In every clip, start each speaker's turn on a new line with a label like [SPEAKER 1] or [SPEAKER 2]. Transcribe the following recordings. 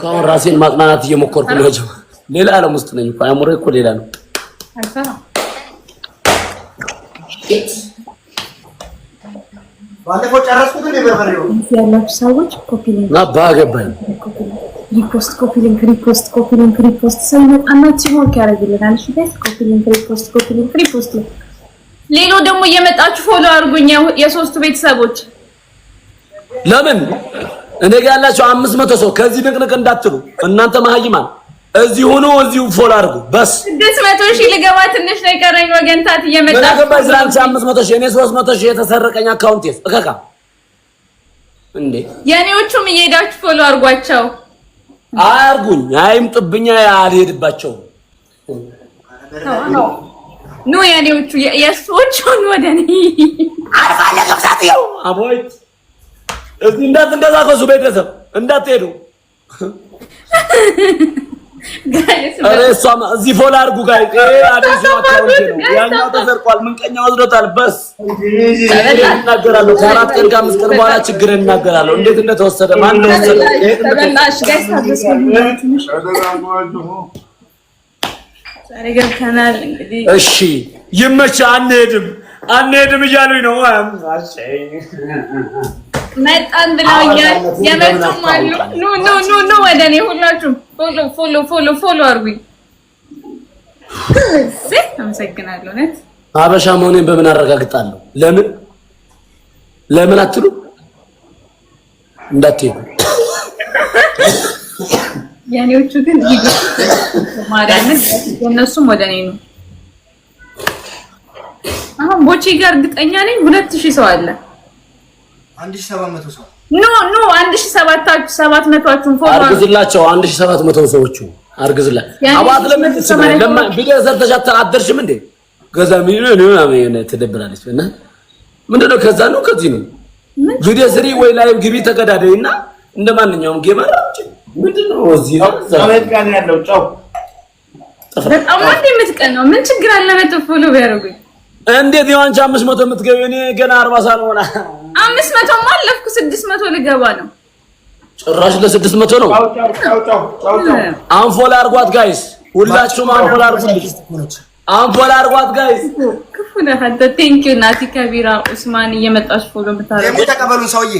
[SPEAKER 1] ካሁን ራሴን ማጽናናት እየሞከርኩ ነው። ሌላ ዓለም ውስጥ ነኝ እኮ አእምሮዬ እኮ ሌላ ነው።
[SPEAKER 2] ባለፈው
[SPEAKER 3] ሰዎች ባገባኝ ሪፖስት ኮፒ ሊንክ ሪፖስት ኮፒ ሪፖስት ሰው ሲሆን ኮፒ ሪፖስት ኮፒ ሪፖስት። ሌሎ ደግሞ እየመጣችሁ ፎሎ አድርጉኝ የሶስቱ ቤተሰቦች
[SPEAKER 1] ለምን እኔ ጋር ያላችሁ አምስት መቶ ሰው ከዚህ ንቅንቅ እንዳትሉ እናንተ መሀይማን እዚህ ሆኖ እዚሁ ፎል አድርጉ። በስ
[SPEAKER 3] ስድስት መቶ ሺህ ልገባ ትንሽ ነው የቀረኝ። ወገንታት እየመጣ
[SPEAKER 1] ገባ ስራንቺ አምስት መቶ ሺህ እኔ ሶስት መቶ ሺህ የተሰረቀኝ አካውንት ስ እከካ እንዴ
[SPEAKER 3] የእኔዎቹም እየሄዳችሁ ፎሎ አድርጓቸው።
[SPEAKER 1] አያርጉኝ አይምጡብኛ አልሄድባቸውም።
[SPEAKER 3] ኑ የእኔዎቹ የእሱዎቹን ወደ እኔ
[SPEAKER 1] አርባ ለገብዛት አቦይት እዚህ እንዳት እንደዛ ከሱ ቤተሰብ እንዳትሄዱ እሷማ እዚህ ፎላ አድርጉ ጋይ አዲሱ አካውንት ነው ያኛው ተዘርቋል ምንቀኛው ወስዶታል። በስ እናገራለሁ። ከአራት ቀን ከአምስት ቀን በኋላ ችግር እናገራለሁ። እንዴት እንደተወሰደ ማን እንደወሰደ እሺ ይመችህ። አንሄድም አንሄድም እያሉኝ ነው።
[SPEAKER 3] መጣን ብለውኛል። የመጡም አሉ። ኑ ኑ ኑ ኑ ወደ እኔ ሁላችሁም ፎሎ ፎሎ ፎሎ ፎሎ አድርጉኝ። አመሰግናለሁ። እውነት
[SPEAKER 1] አበሻ መሆኔን በምን አረጋግጣለሁ? ለምን ለምን አትሉ እንዳትሄዱ።
[SPEAKER 3] የእኔዎቹ ግን ማርያምን የእነሱም ወደ እኔ ነው። አሁን ቦቼ ጋር እርግጠኛ ነኝ ሁለት ሺህ ሰው አለ
[SPEAKER 2] አንድ ሺህ ሰባት
[SPEAKER 3] ኖ ኖ አንድ ሺህ ሰባት መቶዎቹን
[SPEAKER 1] አርግዝላቸው። አንድ ሺህ ሰባት መቶ ሰዎቹ አርግዝላ አባት ለምን ቪዲዮ ሰርተሽ አትደርሽም እንዴ? ከዛ ትደብራለች እና ምንድን ነው ከዛ ነው ከዚህ ነው ቪዲዮ ስሪ ወይ ላይቭ ግቢ ተቀዳደይ እና እንደ ማንኛውም ጌመር ምንድን ነው እዚህ ነው
[SPEAKER 3] ምን ችግር አለ?
[SPEAKER 1] እንዴት የዋንቻ አምስት መቶ የምትገቢው እኔ ገና አርባ ሳልሆን
[SPEAKER 3] አምስት መቶ ማለፍኩ ስድስት መቶ ልገባ ነው።
[SPEAKER 1] ጭራሽ ለስድስት መቶ ነው። አንፎላ አድርጓት ጋይስ፣ ሁላችሁም አንፎላ አድርጉት። አንፎላ አድርጓት ጋይስ።
[SPEAKER 3] ክፉ ነህ አንተ። ቴንክ ዩ ናቲ ከቢራ ኡስማን እየመጣች ፎሎ
[SPEAKER 2] የምታደርገው ተቀበሉን። ሰውዬ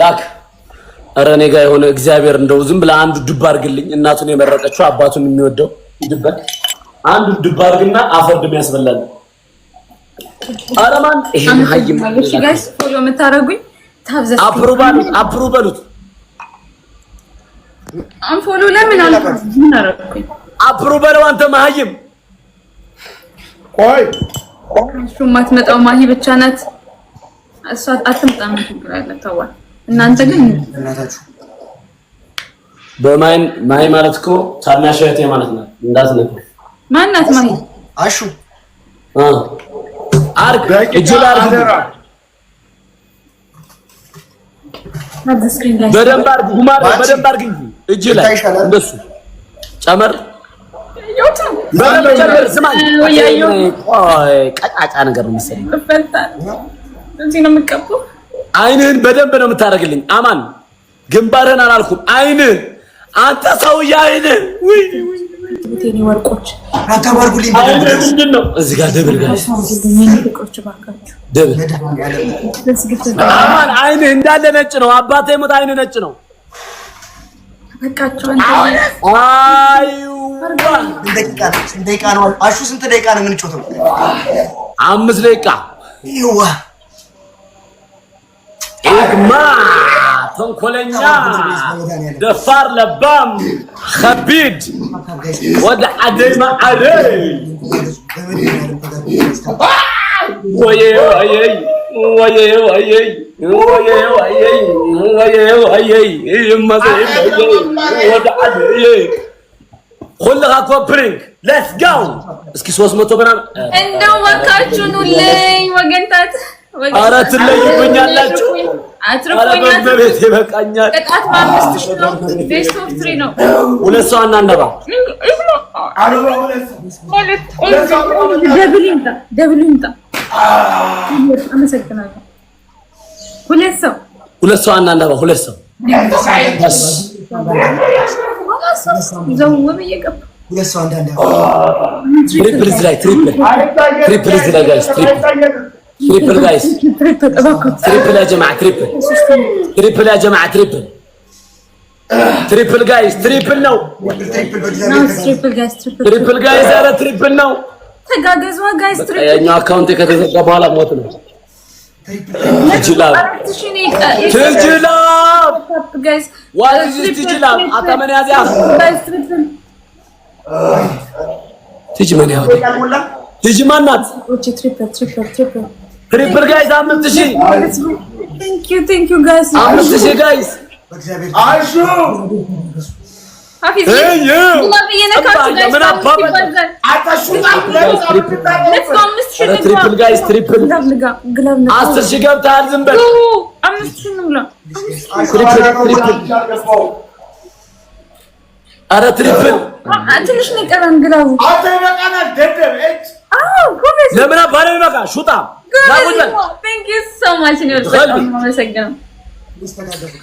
[SPEAKER 1] ላክ ኧረ እኔ ጋር የሆነ እግዚአብሔር እንደው ዝም ብለህ አንዱ ድብ አድርግልኝ። እናቱን የመረቀችው አባቱን የሚወደው ድብ አንዱ ድብ አድርግና አፈርድ የሚያስበላል አረማን
[SPEAKER 3] ይሄን ሀይም ጋይስ ፎሎ የምታደርጉኝ ታብዘስ
[SPEAKER 1] አፕሩቫል አፕሩቫሉት
[SPEAKER 3] አንፎሎ ለምን አልኩኝ
[SPEAKER 1] አረኩኝ አፕሩቫሉ አንተ ማህይም ቆይ
[SPEAKER 3] እሱ የማትመጣው ማሂ ብቻ ናት። እሷ አትምጣም ችግር ተዋል። እናንተ ግን
[SPEAKER 1] በማይ ማይ ማለት እኮ ታናሽ እህቴ ማለት ነው። እንዳትነኩ
[SPEAKER 3] ማናት ማሂ
[SPEAKER 2] አሹ
[SPEAKER 1] አርግ እጅ ላይ በደንብ አርግ፣ ጉማሬ በደንብ አርግ እንጂ እጅ ላይ እንደሱ ጨመር። ቀጫጫ ነገር ነው መሰለኝ። አይንህን በደንብ ነው የምታደርግልኝ። አማን ግንባርህን አላልኩም፣ አይንህ አንተ ሰውዬ አይንህ
[SPEAKER 2] ያደረኩት የኔ ወርቆች
[SPEAKER 1] አይን እንዳለ ነጭ ነው። አባቴ ሞት አይን ነጭ ነው።
[SPEAKER 2] አሹ ስንት ደቂቃ ነው የምንጮተው?
[SPEAKER 1] አምስት ደቂቃ ተንኮለኛ፣ ደፋር፣ ለባም፣ ከቢድ ወደ አደይ ማዓደይ ወየ ወየይ ወየ እስኪ ሦስት መቶ ምናምን
[SPEAKER 3] እንደው እባካችሁን ሁሌ ወገንታት
[SPEAKER 1] ኧረ ትለይብኛላችሁ
[SPEAKER 3] አትረፎኛት ይበቃኛል። ጥቃት በአምስት ሺህ ነው። ቤስት ኦፍ ትሪ ነው።
[SPEAKER 1] ሁለት ሰው አናነባ
[SPEAKER 3] ደብል ይምጣ፣ ደብል ይምጣ። አመሰግናለሁ። ሁለት ሰው
[SPEAKER 1] ሁለት ሰው አናነባ ሁለት ሰው
[SPEAKER 3] ዘውም እየገባ
[SPEAKER 1] ትሪፕል እዚህ ላይ ትሪፕል ትሪፕል እዚህ ላይ ጋይስ ትሪፕል ትሪፕል ጋይስ ትሪፕል ያ ጀማዓ ትሪፕል ትሪፕል ያ ትሪፕል ትሪፕል ጋይስ ትሪፕል ነው። ትሪፕል ጋይስ ኧረ ትሪፕል ነው።
[SPEAKER 3] ተጋገዙ ጋይስ።
[SPEAKER 1] ያኛው አካውንት ከተዘጋ በኋላ ሞት ነው። ትጅላብ ትጅላብ ትጅላብ አታመን ያዚያ ትጅ ማን ያው ትጅ ማናት ትሪፕል ጋይስ አምስት ሺህ አምስት ሺህ ጋይስ ትሪፕል ጋይስ ትሪፕል አስር ሺህ ገብተሃል። ዝም በል ኧረ ትሪፕል
[SPEAKER 3] ትንሽ ነው የቀረን። ግላቡ
[SPEAKER 1] ለምን አባለ ይበቃ ሹጣ Thank
[SPEAKER 3] you so much,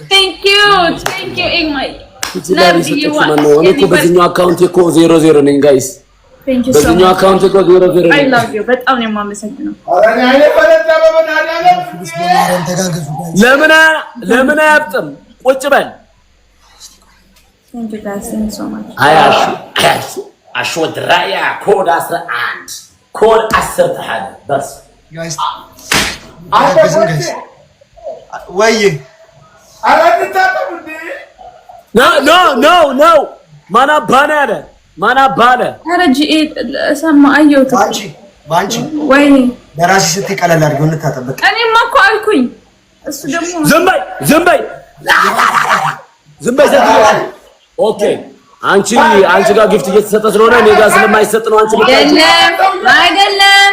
[SPEAKER 3] Thank you, thank you, Ingmai. Love you, you want. Anybody? Thank you so much.
[SPEAKER 1] I
[SPEAKER 3] love you, but only mom is saying no. Thank you, Dad. Thank you so much.
[SPEAKER 1] I ask you, Code as the Code as the ነው ማን ነው ያለ? ማን አባ አለ?
[SPEAKER 3] እሰማ
[SPEAKER 2] በአንቺ ስትይ ቀለል አድርጊው እንታጠብቅ።
[SPEAKER 3] እኔማ እኮ አልኩኝ።
[SPEAKER 1] እሱ ደግሞ ዝም በይ ዝም በይ ዝም በይ ኦኬ አንቺ አንቺ ጋር ግፍት እየተሰጠ ስለሆነ እኔ ጋር ስለማይሰጥ ነው።
[SPEAKER 3] አንቺ አይደለም አይደለም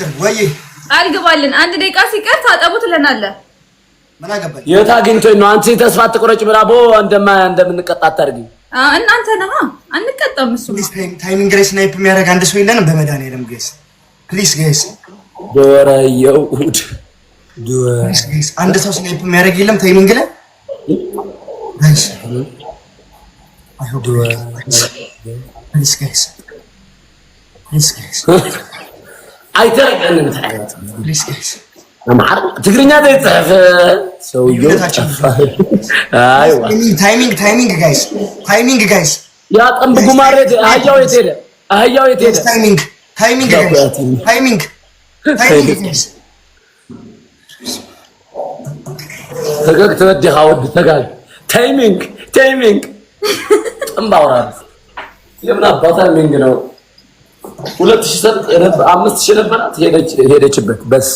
[SPEAKER 3] አልቅርም ወይ አልግባልን። አንድ ደቂቃ ሲቀር ታጠቡ ትለናለህ።
[SPEAKER 1] ምን አገባኝ? የት አግኝቶኝ ነው? አንቺ ተስፋ አትቆረጭ። ብራቦ እንደማ እንደምንቀጣ አታድርጊ።
[SPEAKER 3] እናንተ ነህ አንቀጣም። እሱ
[SPEAKER 2] ታይሚንግ ላይ ስናይፕ የሚያደርግ አንድ ሰው የለንም። በመድኃኒዓለም ጌስ ፕሊዝ ጌስ
[SPEAKER 1] ዶረ የውድ
[SPEAKER 2] አንድ ሰው ስናይፕ የሚያደርግ የለም። ታይሚንግ ላይ ፕሊዝ ጌስ ፕሊዝ ጌስ
[SPEAKER 1] አይተረቀንም ትግርኛ ዘይጽሕፍ ሰውዬው
[SPEAKER 2] ታይሚንግ ታይሚንግ ጋይስ ታይሚንግ ጋይስ
[SPEAKER 1] ያ ጠንብ ጉማሬ አህያው የት ሄደ? አህያው የት ሄደ?
[SPEAKER 2] ታይሚንግ ታይሚንግ ታይሚንግ
[SPEAKER 1] ፈገግ ተጋል ታይሚንግ ታይሚንግ ጠንብ አውራ የምን ነው ሁለት ሺህ ሰጥ አምስት ሺህ ነበራት ሄደችበት። በስ